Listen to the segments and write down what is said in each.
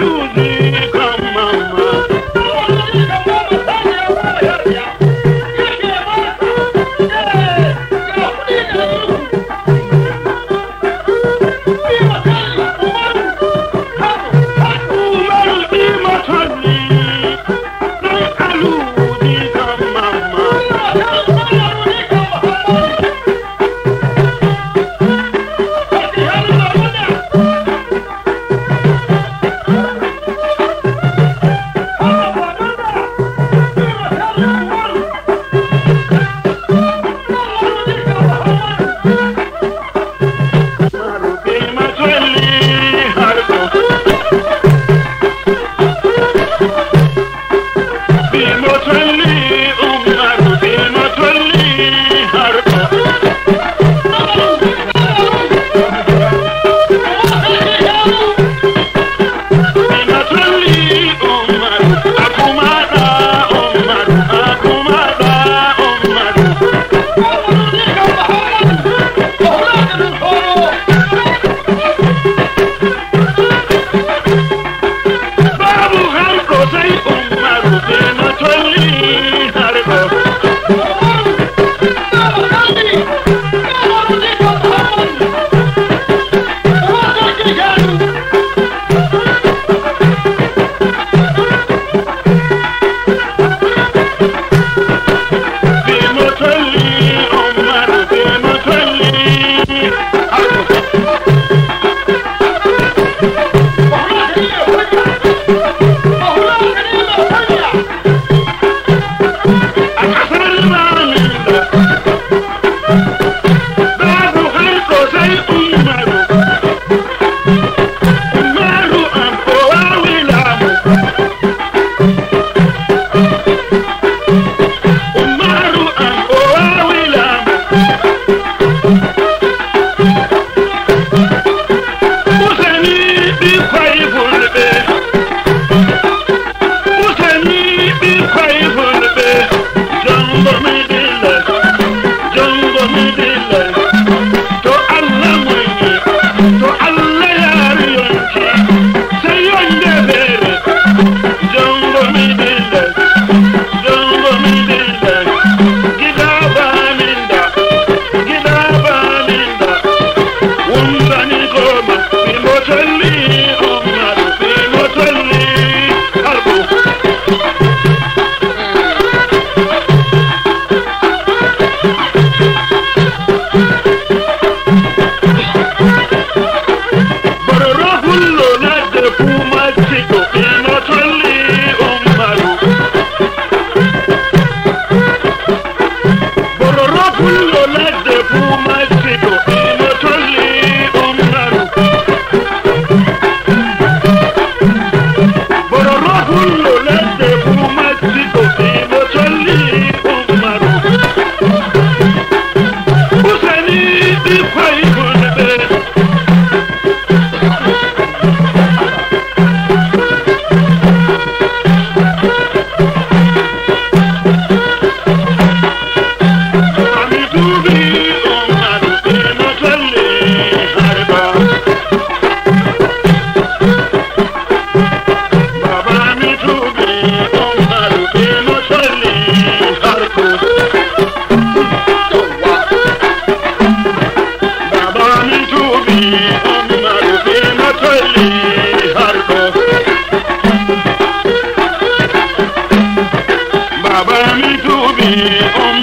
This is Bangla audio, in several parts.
Jesus.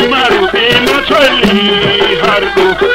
Umaru ina chali har duka